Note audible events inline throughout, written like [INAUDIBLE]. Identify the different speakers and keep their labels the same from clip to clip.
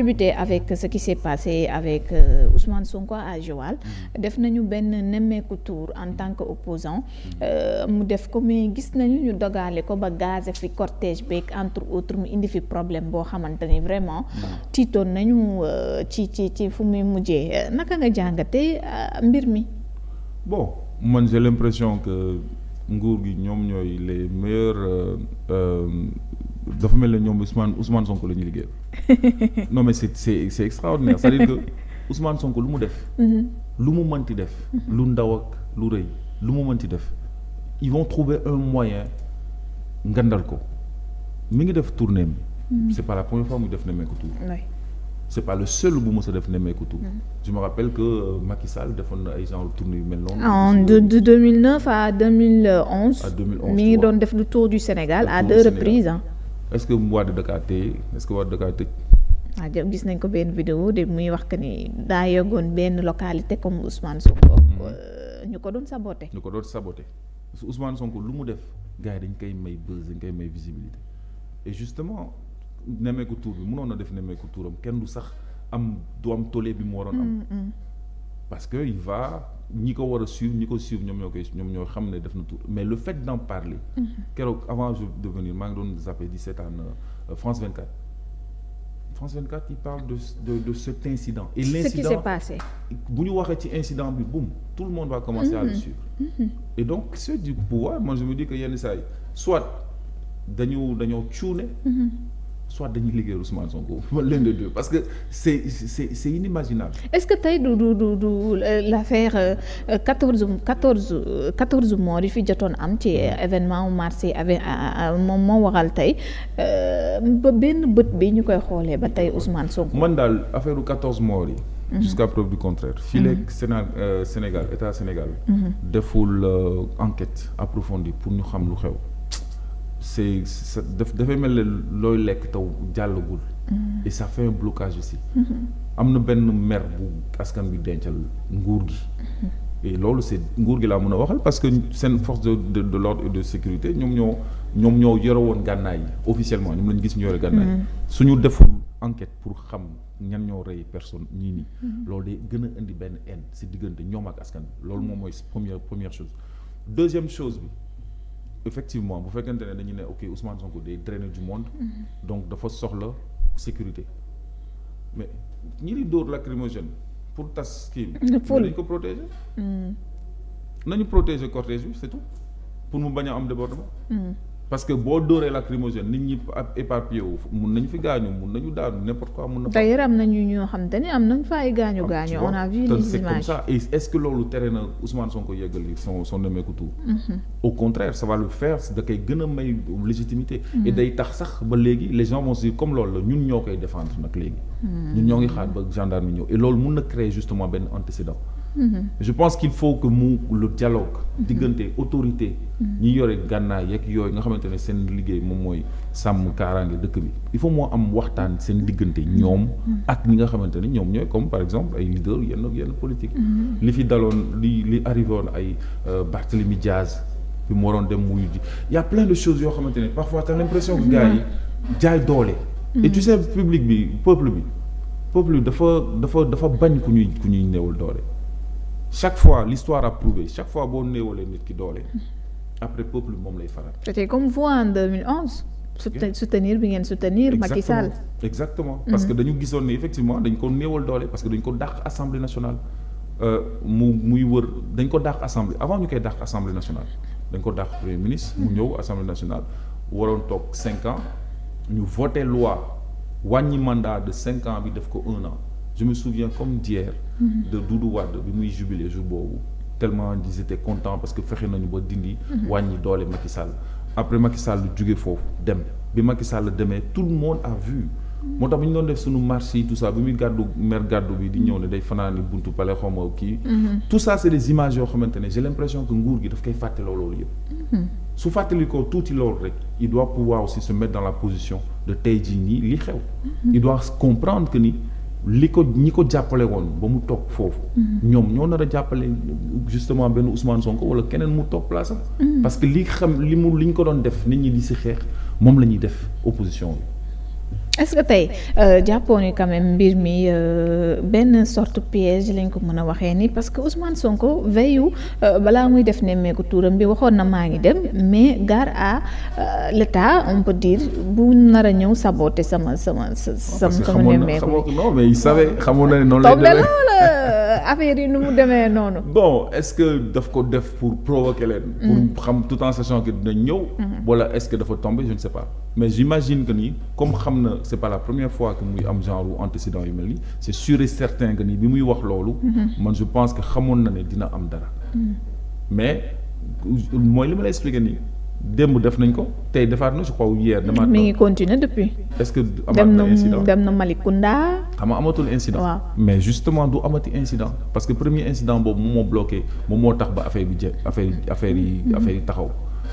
Speaker 1: débuter avec ce qui s'est passé avec euh, Sonko à Joal mm-hmm. def nañu benn nemmeeku tour en tant que opposant euh, mu def ko mais gis nañu ñu dogale ko ba gaze fi cortège beeg entre autres mu indi fi problème boo xamante ni vraiment mm-hmm. tiitoon nañu euh, ci ci ci fu muy mujjee euh, naka nga jàngatee mbir mi
Speaker 2: bon man j'ai l'impression que nguur gi ñoom ñooy les meilleurs dafa mel ne ñoom Ousmane Ousmane Sonko la ñuy liggéeyal [LAUGHS] non mais c'est c'est c'est extraordinaire c'est-à-dire que Ousmane Sonko lu mu def. Mhm. lu mu mënti def. Mhm. lu ndaw ak lu rëy lu mu mënti def. ils vont trouver un moyen ngandal ko mi ngi def tournée mi. Mhm. c'est pas la première fois muy def nemmeeku tour. c'est pas le seul bu mës a def nemmeeku tour. je me rappelle que euh, Macky Sall defoon na ay genre tournée yu mel noonu. en
Speaker 1: de de 2009 à 2011. à 2011 mi ngi doon def le tour du Sénégal à deux reprises
Speaker 2: est-ce que Wade da de téye est-ce que Wade da kaa tëj.
Speaker 1: waaw ah, gis nañ ko benn vidéo de muy wax que ni daa yeggoon benn localité comme Ousmane Sonko. Mm-hmm. Euh, ñu ko doon saboté.
Speaker 2: ñu ko doon saboté Ousmane Sonko lu mu def gars yi dañ koy may buzz dañ koy may visibilité et justement nemmeeku tuur bi mënoon na def nemmeeku tuuram kenn du sax am du am tollé bi mu waroon am. Mm-hmm. parce que il va ñi ko war a suivre ñi ko suivre ñoom ñoo koy ñoom ñoo xam ne def na tout mais le fait d'en parler mm-hmm. keroog avant de venir maa ngi doon zappé di seetaan euh, euh, France 24 France 24 il parle de de de cet incident et l'incident bu ñu waxee ci incident bi boum tout le monde va commencer à le mm-hmm. suivre mm-hmm. et donc ceux du pouvoir moi je me dis yenn saa yi soit dañu dañoo cuune soit dañuy liggéey Ousmane Sonko [LAUGHS] l'un des deux parce que c'est c'est c'est inimaginable.
Speaker 1: est-ce que tey du du du du l'affaire euh, quatorze quatorze quatorze morts yi fi jotoon am ci événement mars yi avec moom moo waral tey euh, ba benn bët bi ñu koy xoolee ba tey Ousmane Sonko. man
Speaker 2: daal affaire u quatorze morts yi. Mhm. jusqu'à preuve du contraire. fii mhm. léegi euh, Sénégal État Sénégal. Mhm. deful enquête approfondie pour ñu xam lu xew. c'est sa dafay mel ne looy lekk taw jàllagul. Mm-hmm. et ça fait un blocage aussi. Mm-hmm. am na benn mer bu askan bi dencal nguur gi. Mm-hmm. loolu c'est nguur gi laa mën a waxal parce que seen force de de de sécurité ñoom ñoo ñoom ñoo yore woon gànnaay yi officiellement ñoom lañu gis ñu yore gànnaay suñu deful enquête pour xam ñan ñoo rey personne ñii nii. loolu day gën a indi benn haine si diggante ñoom ak askan bi loolu moom mooy première première chose deuxième chose bi. effectivement bu fekkente ne dañu ne ok Ousmane Sonko day drainer du monde. Mhm. donc dafa soxla sécurité. mais ñi di dóor lacrymogène pour tas kii bi. nañu ko protéger. Mm. nañu protéger cortège bi c'est pour mu bañ a am débordement. Mm. parce que boo dóoree lacrymogène nit ñi éparpillé wu mun nañu fi gaañu mun nañu daanu n'importe quoi mun na. d'ailleurs
Speaker 1: am nañu ñoo xam ne nañu fa gaañu ah, gaañu. on a vu les images comme ça
Speaker 2: et mm-hmm. au contraire ça va le faire da koy gën may légitimité. Mm-hmm. day tax sax ba léegi les gens vont comme loolu la ñun ñoo koy defendre nag léegi. Mm-hmm. ñun ñoo ngi xaar ba gendarme ñëw et loolu mun na créer justement benn antécédent. Mm-hmm. je pense qu'il faut que mu lu dialogue mm-hmm. diggante autorité mm-hmm. ñi yore gànnaay yeeg yooyu nga xamante ne seen liggéey moom mooy sàmm kaaraange dëkk bi il faut moo am waxtaan seen diggante ñoom ak ñi nga xamante ne ñoom ñooy comme par exemple ay leader yenn yenn politique li fi daloon li li arrivé la ay euh, Barthélemy Diaz bi mu waroon dem muy ji y a plein de choses yoo xamante ne parfois t'as l'impression que gars yi doole et tu serve public bi peuple bi peuple dafa dafa dafa bañ ku ñuy ku ñuy néewul doole chaque fois l'histoire a prouvé chaque fois boo newalee nit ki doole après peuple moom lay faral.
Speaker 1: c'était comme vous en 2011. soutenir bi ngeen soutenir. Macky Sall
Speaker 2: exactement parce que mhm. dañu gisoon ni effectivement dañ ko néewal doole parce que dañ ko dàq assemblée nationale euh, mu muy wër dañ ko dàq assemblée avant ñu koy dàq assemblée nationale dañ ko dàq premier ministre. mu mhm. ñëw assemblée nationale waroon toog cinq ans ñu voté loi wàññi mandat de bi def ko un an. je me souviens comme d'hier mhm. de Doudou Wade bi muy jubilé jour boobu tellement ils étaient contents parce que fexe nañu ba dindi mhm. wàññi doole Macky après Macky Sall jóge foofu dem bi Macky Sall demee tout le a vu moo tax bu ñu doon def suñu marché yi tout ça bi muy gàddu mer gàddu bi di mhm. ñëw ne day fanaani buntu pale xawma kii tout ça c'est des images yoo xamante ne j'ai l'impression que nguur gi daf koy fàtteloo loolu yëpp su fàttali ko loolu li ko ñi ko jàppale woon ba mu toog foofu. Mhm. ñoom ñoo nar a jàppale justement benn Ousmane Sonko wala keneen mu toog place am. Mhm. parce que li xam li mu li ñu ko doon def nit ñi di si xeex moom la ñuy def opposition bi.
Speaker 1: est-ce que tey euh, jàppoon ni quand même mbir mi euh, benn sorte piège lañ ko mën a waxee ni parce que Ousmane Sonko veyu euh, balaa muy def nemmeeku tuuram bi waxoon na maa ngi dem mais gare à l'État on peut dire bu nar a ñëw saboter sama sama sama sama nemmeeku
Speaker 2: non mais il savait xamoon na ne noonu lay
Speaker 1: demee affaire yi nu mu demee noonu.
Speaker 2: bon est-ce que daf ko def pour provoquer leen. pour mm. xam tout en sachant que ñëw. Mm-hmm. wala est-ce que dafa tomber je ne sais mais j'imagine que ni comme xam na c'est pas la première fois am genre antécédent yu mel ni c'est sûr et certain que ni bi wax loolu. Mhm. man pense que na ne dina am dara. Mhm. mais mooy li ma lay expliquer démb def nañ ko tey defaat na je crois hier. demaat mi ngi
Speaker 1: continuer depuis.
Speaker 2: est que amaat na incident dem
Speaker 1: na Malicounda.
Speaker 2: xam nga amatul incident. waaw mais justement du amati incident. parce que premier incident boobu moom moo bloqué moom moo tax ba affaire bi je affaire affaire yi mhm. affaire yi taxaw.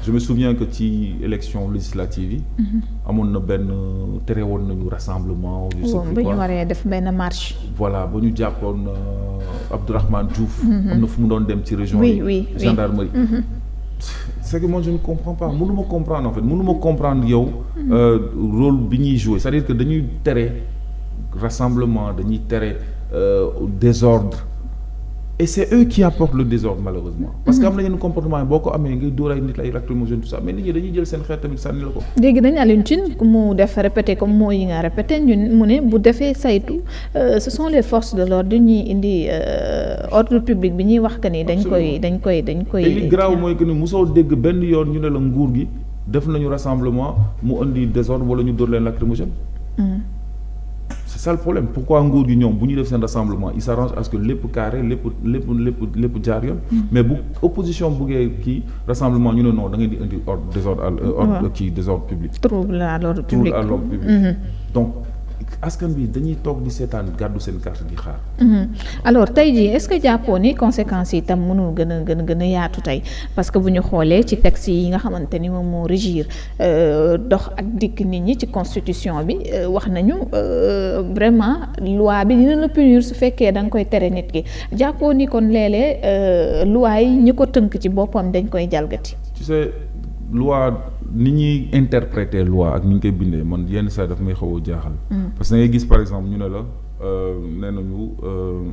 Speaker 2: je me souviens que ci élection législative yi. Mhm. amoon na benn tere woon nañu rassemblement. je sais bu ñu
Speaker 1: waree def benn marche.
Speaker 2: voilà ba ñu jàppoon euh, Abdourahmane Diouf. Mhm. am na fu mu doon dem ci région. oui oui gendarmerie. Mhm. c'est que moi je ne comprends pas mënu ma comprendre en fait mënu yow. Euh, rôle bi ñuy jouer cest dire que dañuy tere rassemblement dañuy tere euh, désordre. e c' est eux qui apportent le désordre malheureusement. parce que am na yenn comportement boo ko amee ngay dóor ay nit ay lacrymogène tout ça mais nit ñi dañuy jël seen xeer tamit sànni la ko.
Speaker 1: dégg nañu ne bu defee saytu euh, ce sont les forces de l'ordre ñuy indi euh, ordre public bi ñuy wax que ni dañ koy dañ koy dañ koy. te li graaw
Speaker 2: mooy que ni mosoo dégg benn yoon ñu ne la nguur gi def nañu rassemblement mu indi désordre wala ñu dóor leen lacrymogène. Mm. c'est ça problème pourquoi nguur gi ñoom bu ñu def seen rassemblement il s'arrange à que lépp carré lépp lépp lépp jaar yoon hmm. mais bu opposition buggee kii rassemblement ñu ne non da di indi ordre désordre à euh, ordre kii désordre public trouble à l'ordre public hmm. donc askan bi dañuy toog di seetaan gàddu seen carte di xaar.
Speaker 1: Mhm. alors tey jii est que jàppoo ni conséquences yi tam mënul gën a gën gën a yaatu tey parce que bu ñu xoolee ci texte yi nga xamante ni moom moo régir euh, dox ak dikk nit ñi ci constitution bi euh, wax nañu euh, vraiment loi bi dina la punir su fekkee danga koy tere nit ki jàppoo ni kon léeg-léeg loi yi ñu ko tënk ci boppam dañ koy jalgati.
Speaker 2: loi ni ñuy interpréter loi ak ni ñu koy bindee man yenn saa daf may xaw jaaxal. Mm. parce que da ngay gis par exemple ñu ne la euh, nee nañu euh,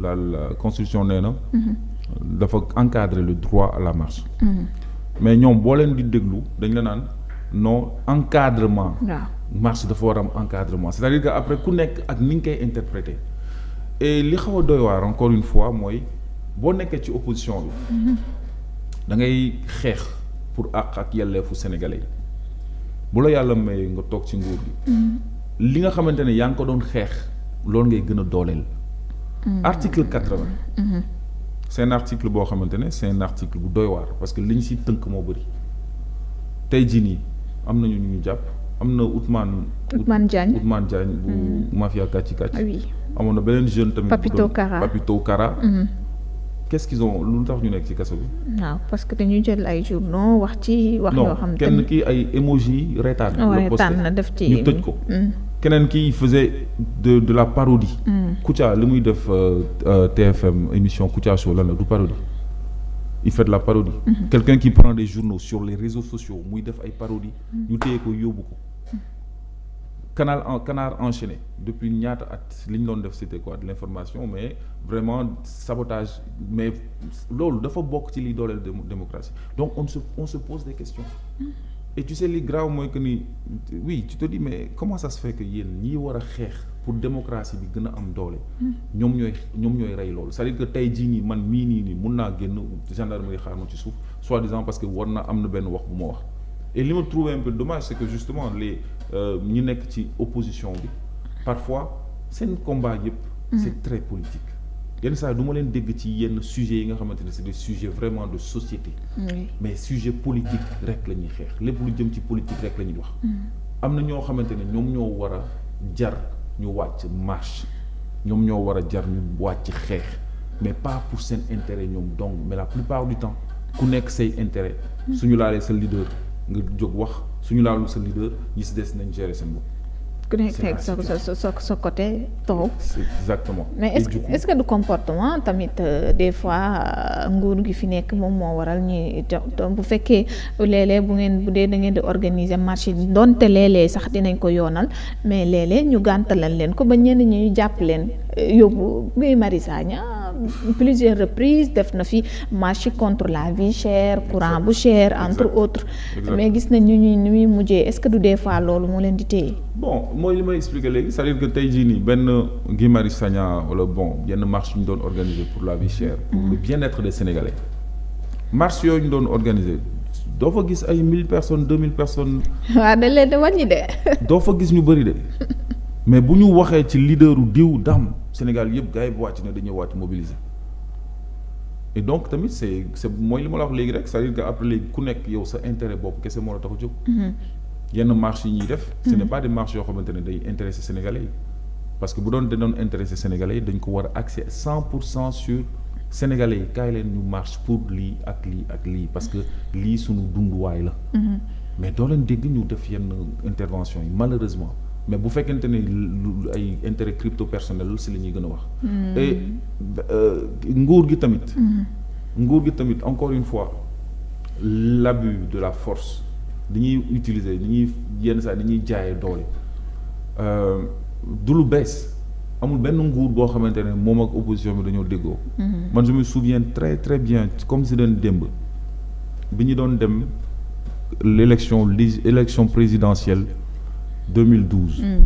Speaker 2: la la constitution nee na. Mm-hmm. dafa encadrer le droit à la marche. Mm-hmm. mais ñoom boo leen di déglu dañ la naan non encadrement. marche dafa war am encadrement c'est-à-dire que après ku nekk ak ni nga koy interpréter li xaw a doy waar encore une fois mooy boo nekkee ci opposition bi. Mm-hmm. da ngay xeex pour àq ak yelleefu sénégalais yi bu la yàlla may nga toog ci nguur gi. Mm-hmm. li nga xamante ne yaa ngi ko doon xeex loolu ngay gën a dooleel.
Speaker 3: Mm-hmm.
Speaker 2: article quatre-vingt. Mm-hmm. c'est un boo xamante ne c'est un article bu doy waar parce que li ñu si tënk moo bëri tey jii nii am nañu ñu ñu jàpp am na Ousmane.
Speaker 1: Ousmane Diagne Ousmane
Speaker 2: Diagne bu mafia kàcci kàcci. Ah amoon na beneen jeune tamit. Papito Kara qu'est-ce qu'ils ont lu tax ñu nekk ci kaso bi.
Speaker 1: waaw parce que dañuy jël ay journaux wax ci wax. yoo xam kenn
Speaker 2: kii ay émoji reetaan. na def ci ñu tëj ko. Mm. keneen kii faisait de de la parodie. Mm. Kouthia li muy def euh, euh, TFM émission Kouthia Show lan la du parodie. il fait la parodie. Mm-hmm. quelqu'un qui prend des journaux sur les réseaux sociaux muy def ay parodie. Mm. ñu téye ko yóbbu ko. canal en canard enchaîné depuis ñaata at li ñu doon def c'était quoi de l'information mais vraiment sabotage mais loolu dafa bokk ci liy dooleel démocratie donc on se on se pose des questions et tu sais li grave mooy que ni oui tu te dis mais comment ça se yéen ñi war a xeex pour démocratie bi gën a am doole. ñoom ñooy ñoom ñooy rey loolu c'est-à-dire que tey jii nii man mii nii nii mun naa génn gendarmerie xaar ma ci suuf soi-disant parce que war na am na benn wax bu ma wax. et li ma trouvé un peu dommage c'est que justement les euh, ñu nekk ci opposition bi parfois seen combat yëpp. Mm-hmm. c'est très politique. yenn saa du ma leen dégg ci yenn sujets yi nga xamante ne c'est des sujets vraiment de société. mais sujet politique rek lañuy xeex lépp lu jëm ci politique rek la ñuy wax. Mm-hmm. am na ñoo xamante ne ñoom ñoo war a jar ñu wàcc marche ñoom ñoo war a jar ñu wàcc xeex mais pas pour seen intérêt ñoom donc mais la plupart du temps ku nekk say intérêt. Mm-hmm. suñu laalee sa nga jóg wax suñu laalul sa leader ñi si des nañ gérer seen bopp. ku nekk teg sa sa
Speaker 1: sa sa côté taw.
Speaker 2: mais est-ce que est-ce
Speaker 1: que du comportement tamit euh, des fois euh, nguur gi fi nekk moom moo waral ñuy donc bu fekkee léeg bu ngeen bu dee da ngeen di organiser marché donte léeg sax dinañ ko yoonal mais léeg-léeg ñu gàntalal leen ko ba ñenn ñi ñu jàpp leen euh, yóbbu Guy Marius Sagna plusieurs reprises def na fi marche contre la vie chère courant bu cher entre autres mais gis nañ ñu ñuy ni muy mujjee est-ce que du des fois loolu moo leen di téye
Speaker 2: bon mooy li may expliqué léegi c'est-à-dire que tey jii nii benn Guy Marius Sagna wala bon yenn marche yu ñu doon organisé pour la vie chère mm-hmm. pour le bien-être des Sénégalais marche yooyu ñu doon organisé doo fa gis ay mille personne deux mille personne
Speaker 1: [LAUGHS] waaw dañ leen di wàññi de
Speaker 2: doo fa gis ñu bëri de [LAUGHS] mais bu ñu waxee ci leaderu diw dam Sénégal yëpp gars yi bu wàcc ne dañuy wàcc mobiliser et donc tamit c' est mooy li ma la wax léegi rek sa est à dire que après léegi ku nekk yow sa intérêt bopp kese moo la tax a mm-hmm. yenn marches yi ñuy def. ce mm-hmm. n' est pas yoo xamante ne day intéressé Sénégalais yi parce que bu doon da doon intéressé Sénégalais yi dañ ko war a accès cent pour cent sur Sénégalais yi kaay leen ñu marche pour lii ak lii ak lii parce que lii suñu dunduwaay la. Mm-hmm. mais doo leen dégg ñu def yenn intervention yi malheureusement. mais bu fekkente ni lu ay intérêt crypto personnel si la ñuy gën a wax. Hmm. Euh, nguur gi tamit. Hmm. nguur gi tamit encore une fois l'abus de la force dañuy utiliser ñuy yenn saa dañuy jaayee doole euh, du lu bees. amul benn nguur boo xamante ne moom ak opposition bi dañoo déggoo. Hmm. man je me souviens très très bien comme si doon démb bi ñu doon dem l'élection li élection présidentielle 2012. Hmm.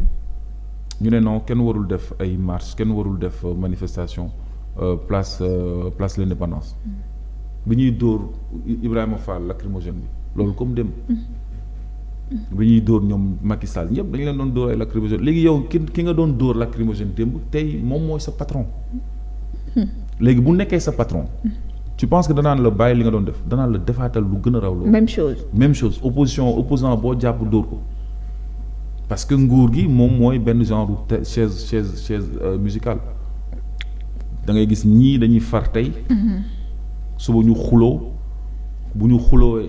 Speaker 2: ñu ne non kenn warul def ay marche kenn warul def euh, manifestation euh, place euh, place l'indépendance
Speaker 3: hmm.
Speaker 2: bi ñuy dóor Ibrahima Fall lacrymogène bi loolu comme dem hmm. bi ñuy dóor ñoom Macky Sall ñëpp dañu leen doon dóor ay lacrymogène léegi yow ki ki nga doon dóor lacrymogène démb tey moom mooy sa patron léegi bu nekkee sa patron tu penses que danaan la bàyyi li nga doon def danaan la defaatal lu gën raw loolu même chose même chose opposition opposant boo jàpp dóor ko parce que nguur gi moom mooy benn genre chaise chaise chaise euh, musicale da ngay gis ñii dañuy far tey. Mm-hmm. suba ñu xuloo bu ñu xuloo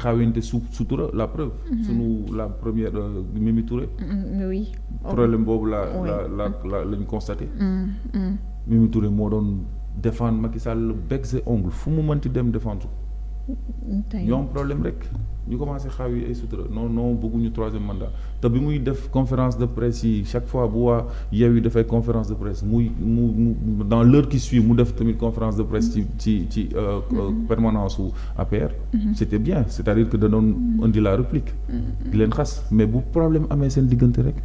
Speaker 2: xawente su sutura la preuve. Mm-hmm. sunu la première euh, Mimi Touré.
Speaker 3: Mm-hmm. problème
Speaker 2: boobu la la la la la ñu Mimi Touré moo doon défendre Macky Sall bec et ongle fu mu mënti dem défendre ko. ñoo am problème rek ñu commencé xaaw yi ay sutura non non bëgguñu troisième mandat te bi muy def conférence de presse yi chaque fois bu waa yeew yi dafay conférence de presse muy mu mu dans l'heure qui suit mu def tamit conférence de presse ci ci ci euh, euh, mm-hmm. permanence su APR mm-hmm. c'était bien c'est-à-dire que da doon mm-hmm. indi la réplique di leen xas mais bu problème amee seen diggante rek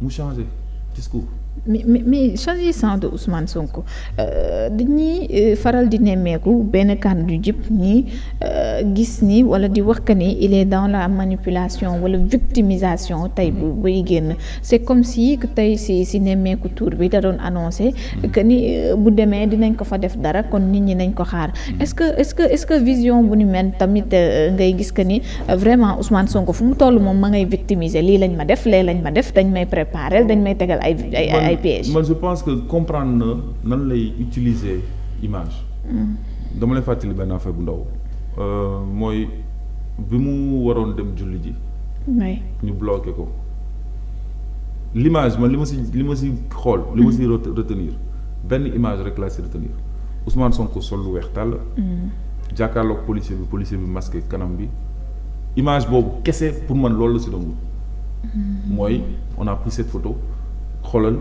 Speaker 2: mu changé discours
Speaker 1: mais mais s'agissant de Ousmane Sonko euh, dañuy euh, faral di nemmeeku benn kàddu jëpp ñi euh, gis ni wala di wax que ni il est dans la manipulation wala victimisation tey bu mm-hmm. buy génn c'est comme si tey si si nemmeeku tour bi da doon annoncé mm-hmm. que ni bu demee dinañ ko fa def dara kon nit ñi nañ ko xaar mm-hmm. est-ce que est-ce que est-ce que vision bu ni mel tamit ngay gis que ni vraiment Ousmane Sonko fu mu toll moom ma ngay victimiser lii lañ ma def lee lañ ma def dañ may préparer dañ may tegal ay ay ay pièges
Speaker 2: man je pense que comprendre na nan lay utiliser image. Mm. dama lay fàttali benn affaire bu ndaw euh, mooy bi mu waroon dem julli ji. ñu bloqué ko. l'image man li ma si li ma si xool. li ma si mm. retenir benn image rek laa si retenir Ousmane Sonko sol lu weex tàll. Mm. jàkkaarloog policier bi policier bi masqué kanam bi image boobu kese pour man loolu la si doon mooy on a pris photo. xoolal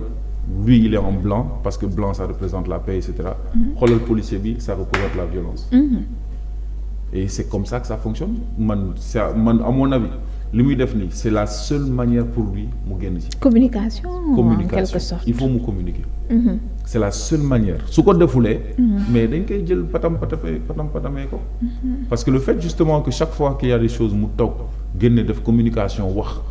Speaker 2: lui il est en blanc parce que blanc ça représente la paix et cetera. Mm-hmm. xoolal policier bi sa représente la violence.
Speaker 3: Mm-hmm.
Speaker 2: et est comme ça que ça fonctionne man ça man à mon avis li muy def nii c' est la seule manière pour lui mu génn ci.
Speaker 1: communication
Speaker 3: en quelque sorte
Speaker 2: il faut mu communiquer. Mm-hmm. c' est la seule manière su ko defulee. mais dañ koy jël patam patapee patam patamee ko. parce que le fait justement que chaque fois qu'il y a des mu toog génne def communication wax.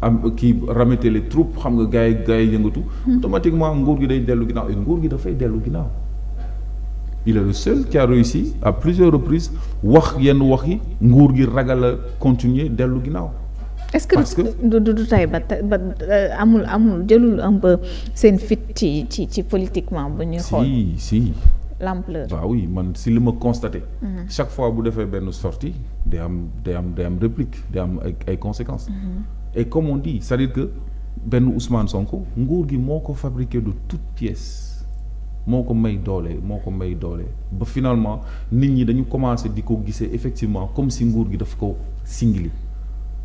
Speaker 2: am kii ramete les troupes xam nga gars yi gars yi yëngatu. Hmm. automatiquement nguur gi day dellu ginnaaw et nguur gi dafay dellu ginnaaw. il est le seul qui a réussi à plusieurs reprises wax yenn wax yi nguur gi ragal a continuer dellu ginnaaw.
Speaker 1: est-ce que du du du tey ba ba euh, amul amul jëlul un peu seen fit ci ci ci politiquement bu ñuy xool
Speaker 2: si si.
Speaker 3: l'ampleur waaw
Speaker 2: oui man si li ma constaté. Hmm. chaque fois bu defee benn sorti day am day am day am réplique day am ay ay conséquences. Hmm. et comme on dit cest dire que benn Ousmane sonk nguur gi moo ko fabriqué du toutes pièces moo ko may doole moo ko may doole ba finalement nit ñi dañu commencé di ko gisee effectivement comme si nguur gi daf ko singili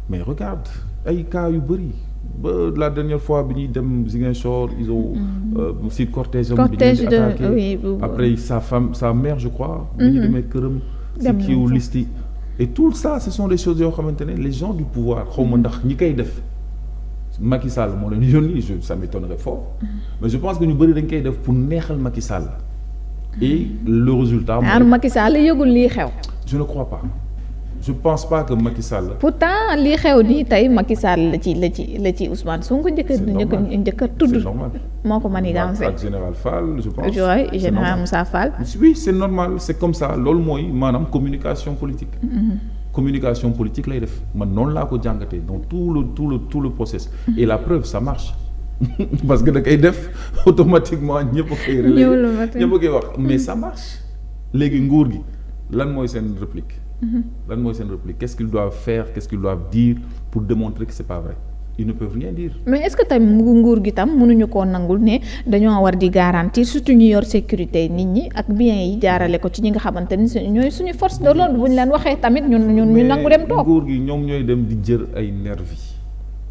Speaker 2: mais regarde ay cas yu bëri ba la dernière fois bi ñuy dem Ziguinchor ils ont mm-hmm. euh, si cortège am bi ñu attaqué après sa femme sa mère je crois bi ñu mm-hmm. këram si kiiw liste et tout ça ce des choses yoo xamante ne les gens du pouvoir xaw ma ndax ñi koy def Macky Sall moo leen yónni je ça m'étonnerait fort mais je pense que ñu bëri dañ koy def pour neexal Macky Sall et le résultat. maanaam
Speaker 1: Macky Sall yëgul lii xew.
Speaker 2: je ne crois pas. je pense pas que Macky Sall.
Speaker 1: pourtant li xew nii hmm. tey Macky Sall la ci la ci la ci Ousmane Sonko njëkkër njëkkër njëkkër tudd moo ko manigancé ak
Speaker 2: général Fall je pense oui général Moussa Fall c'est normal c'est comme ça loolu mooy maanaam communication politique
Speaker 3: mm-hmm.
Speaker 2: communication politique lay def man noonu laa ko jàngatee donc tout le tout le tout le process mm-hmm. et la preuve ça marche [LAUGHS] parce que da kay def automatiquement ñëpp a koy relayer ñëpp a koy wax mais léegi nguur gi lan mooy seen réplique Mm-hmm. lan mooy seen réplique qu'est-ce qu'ils doivent faire qu'est-ce qu'ils doivent dire pour démontrer que c'est pas vrai ils ne peuvent rien dire.
Speaker 1: mais est que tamit nguur gi tam mënuñu koo nangul ne dañoo war di garantir surtout ñu yor sécurité nit ñi ak biens yi jaarale ko ci ñi nga xamante ni ñooy suñu force de l'ordre bu ñu leen waxee tamit ñun ñun ñu nangu dem
Speaker 2: toog. nguur gi ñoom ñooy dem di jël ay nervi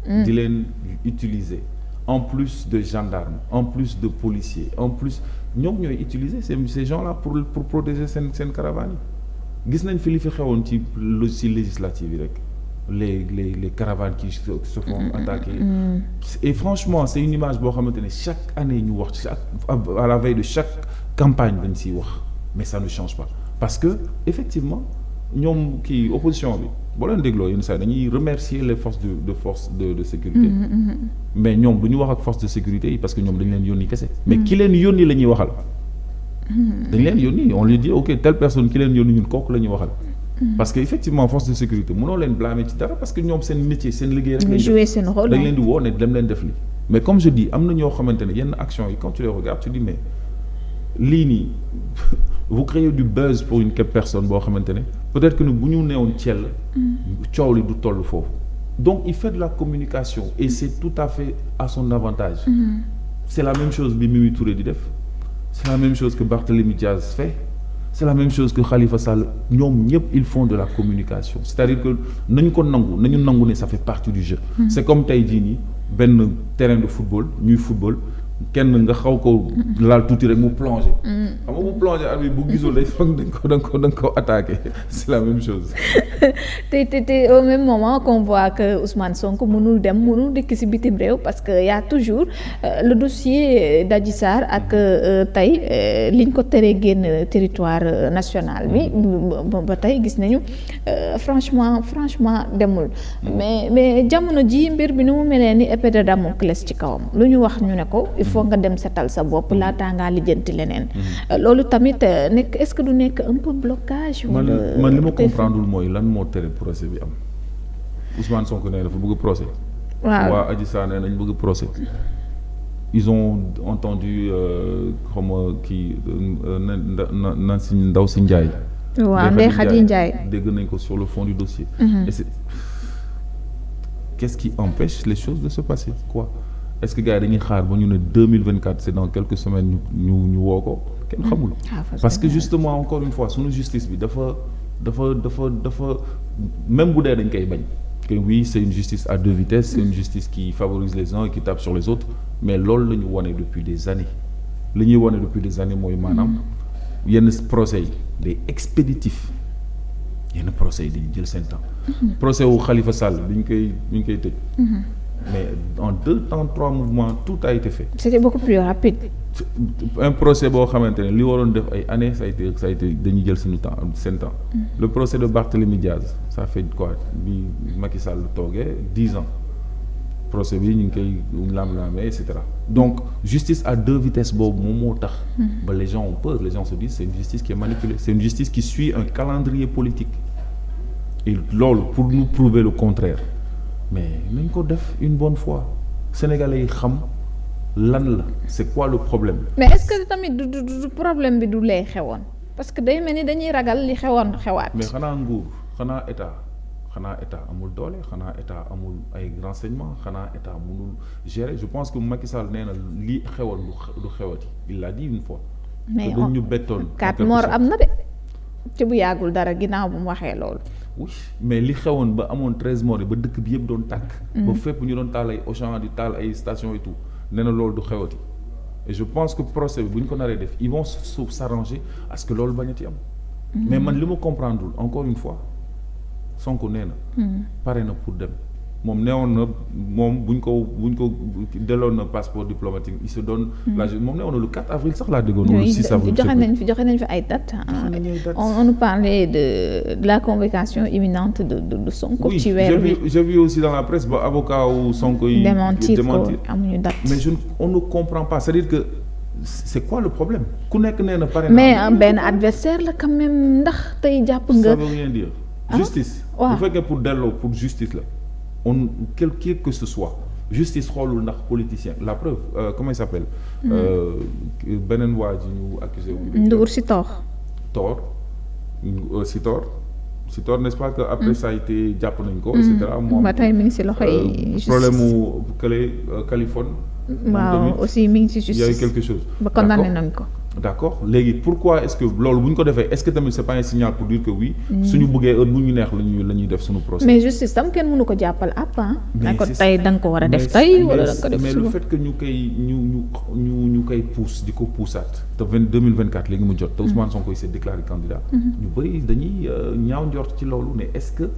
Speaker 2: mm. di leen utiliser en plus de gendarmes en plus de policiers en plus ñoom ñooy utiliser ces ces gens-là pour pour seen seen caravanes yi. gis nañ fi li fi xewoon ci ci législative yi rek les les les caravanes qui se font mm-hmm. attaquer mm-hmm. et franchement c'est une image boo xamante ne chaque année ñu wax chaque à la veille de chaque campagne dañ siy wax mais ça ne change pas parce que effectivement ñoom kii opposition bi boo leen dégloo yenn saa dañuy remercier les forces de de force de de sécurité mm-hmm, mais ñoom du ñu wax ak force de sécurité yi parce que ñoom dañ leen yónni kese mais ki leen yónni la ñuy waxal
Speaker 3: dañ leen yónni on lui dit
Speaker 2: ok telle personne ki leen yónni ñun kooku la ñuy waxal. Hmm. parce que effectivement force de sécurité mënoo leen blâmer ci dara parce que ñoom seen métier seen liggéey rek. jouer
Speaker 1: seen rôle dañ leen di
Speaker 2: woo ne dem leen def li mais comme je dis am na ñoo xamante yenn action yi quand tu les regardes tu dis mais lii nii [LAUGHS] vous créez du buzz pour une quelques personne boo xamante ne peut-être que ne bu ñu neewoon Thiel. Hmm. coow li du toll foofu. donc il fait de la communication et tout à fait à avantage. Hmm. c'est la même chose bi Mimi Touré di def. c'est la même chose que Barthélémy Diaz fait c'est la même chose que Khalifa Sall ñoom ñëpp ils font de la communication c'est-à-dire que nañu ko nangu nañu nangu ne sa fait partie du jeu. Hmm. c'est comme tey jii nii benn terrain de football ñuy football. kenn nga xaw ko laal tuuti rek mu plongé. Mm. xam mu plongé at bi bu gisul day foog da nga ko da nga ko da [LAUGHS] c'est la même chose.
Speaker 1: [LAUGHS] te te te au que Ousmane Sonko mënul dem mënul dikk ci bitim réew parce que y toujours euh, le dossier d'Adji Sarr ak euh, tey euh, liñ ko teree génn territoire national bi mm. ba tey gis nañu franchement franchement demul. Mm. mais mais jamono ji mbir bi ni mu mel ni épée de Damoclès ci kawam lu ñu wax ñu ne ko. faut nga dem setal sa bopp mm-hmm. laataa ngaa lijjanti leneen. Mm-hmm. Euh, loolu tamit euh, nekk est-ce que du nekk un peu blocage. man euh, man li ma comprendre
Speaker 2: mooy lan moo tere procès bi am Ousmane Sonko nee dafa bëgg procès. waaw waa Adji Sarr nee bëgg procès. ils ont entendu xaw ma kii na na si ndaw si Ndiaye. waaw Ndeye Khady Ndiaye dégg nañ ko sur le fond du dossier. Mm-hmm. et ce qui empêche les choses de se passer est-ce que gars yi dañuy xaar ba ñu ne deux mille vingt quatre c'est dans quelques ñu ñu woo ko kenn hmm. xamul. Ah, parce que justement encore une fois suñu justice bi dafa dafa dafa dafa même bu dee dañ koy bañ. que oui c'est une justice à deux vitesses c'est une hmm. justice qui favorise les uns et qui sur les autres mais loolu la ñu wone depuis des années li ñuy wone depuis des années mooy maanaam hmm. yenn procès yi day expéditif yenn procès yi dañu jël seen temps procès wu Khalifa Sall bi ñu koy bi ñu koy
Speaker 3: tëj
Speaker 2: mais en deux temps trois mouvements tout a été fait.
Speaker 1: c'était beaucoup plus rapide.
Speaker 2: un procès boo xamante ne li waroon def ay années ça a été ça été dañuy jël suñu temps seen mm. le procès de Barthélemy Diaz ça fait quoi bi Macky Sall toogee dix ans procès bi ñu ngi koy lam-lamee et cetera donc justice à deux vitesses boobu moom moo tax. Mm. ba les gens ont peur les gens se disent c'est une justice qui est manipulée c'est une justice qui suit un calendrier politique et loolu pour nous prouver le mais nañ ko def une bonne fois sénégalais yi xam lan la c'est quoi le problème.
Speaker 1: tamit du du problème bi du lee xewoon parce que day mel ni dañuy ragal li xewoon xewaat.
Speaker 2: mais xanaa nguur xanaa état xanaa état amul doole xanaa état amul ay renseignements xanaa état mënul gérer je pense que Macky Sall nee na lii xewoon du xewati il l'a dit une fois. mais oh, ñu bettoon. quatre morts am
Speaker 1: na de. ci bu yàggul dara ginnaaw bu mu waxee loolu.
Speaker 2: mais li xewoon ba amoon treize morts yi ba dëkk bi yëpp doon tàkk. Mm-hmm. ba fépp ñu doon taal ay Auchan di taal ay station et tout nee na loolu du xewati et je pense que procès bi bu ñu ko naree def ils vont suuf s'arranger à ce que loolu bañati am.
Speaker 3: Mm-hmm. mais man
Speaker 2: li ma comprendrewul encore une fois sonk nee na. Mm-hmm. pare na pour dem. moom neewoon na moom buñ ko bu buñ ko delloon na passeport diplomatique il se donne. Hmm. la moom neewoon na lu 4 avril sax laa déggoon. wala 6 avril joxe nañ
Speaker 1: fi joxe nañ fi ay dates. on nous parlait de de la convocation imminente de de de Sonko. ci weer bi
Speaker 2: oui j'ai vu aussi dans la presse ba avocat wu Sonko yi. démentir ko amuñu date mais on ne comprend pas c'est-à-dire que. c'est quoi le problème ku nekk nee na pare mais euh, benn
Speaker 1: adversaire la quand ndax tey jàpp nga.
Speaker 2: ça veut ah? pour delloo pour justice la. on quel quel que ce soit justice xoolul ndax politicien la preuve euh, comment il s'appelle mm-hmm. euh, beneen waa ji ñu accusé wu.
Speaker 1: Ndour si tort.
Speaker 2: tort euh, si tort si tort n'est-ce pas que après mm. ça a été jàpp nañ ko. et mm-hmm. cetera moom ba tey
Speaker 1: mi ngi si loxo yi. Euh, problème mu
Speaker 2: kële Californie.
Speaker 1: waaw aussi mu ngi si justice. il y a eu quelque ba condamné nañ ko.
Speaker 2: d' accord léegi pourquoi est ce que loolu bu ñu ko defee est ce que tamit c' est pas un signal pour dire que oui. suñu bëggee heure bu ñu neex la ñuy la def suñu procès. mais
Speaker 1: justice tam kenn mënu ko jàppal àpp ah.
Speaker 2: mais ko tey
Speaker 1: da nga ko war a def tey wala da ko def mais le
Speaker 2: que ñu koy ñu ñu ñu ñu koy pousse di ko poussaat te vingt deux mille vingt quatre léegi mu jot. te Ousmane mm-hmm. Sonko il s' est candidat. Mm-hmm. ñu bëri dañuy euh, ñaaw njort ci loolu ne est ce que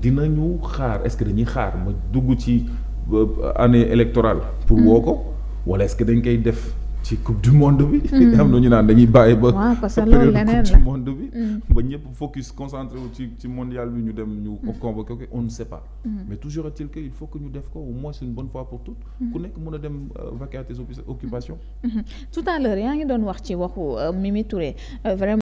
Speaker 2: dinañu xaar est ce que dañuy xaar ma dugg ci euh, année électoral pour mm-hmm. woo ko wala est que dañ koy def. ci coupe du monde bi. Mm. [LAUGHS] am na ñu naan dañuy bàyyi ba. waaw parce que [LAUGHS] loolu leneen la monde bi. Mm. ba ñëpp focus concentré wu ci ci mondial bi ñu dem ñu. Mm. convoqué ko on ne sait pas. mais toujours est-il il faut que ñu def ko au moins une bonne fois pour toutes. ku nekk mën a dem euh, vaquer à mm-hmm.
Speaker 3: tout à l'heure yaa ngi doon wax ci waxu euh, Mimi Touré euh, vraiment.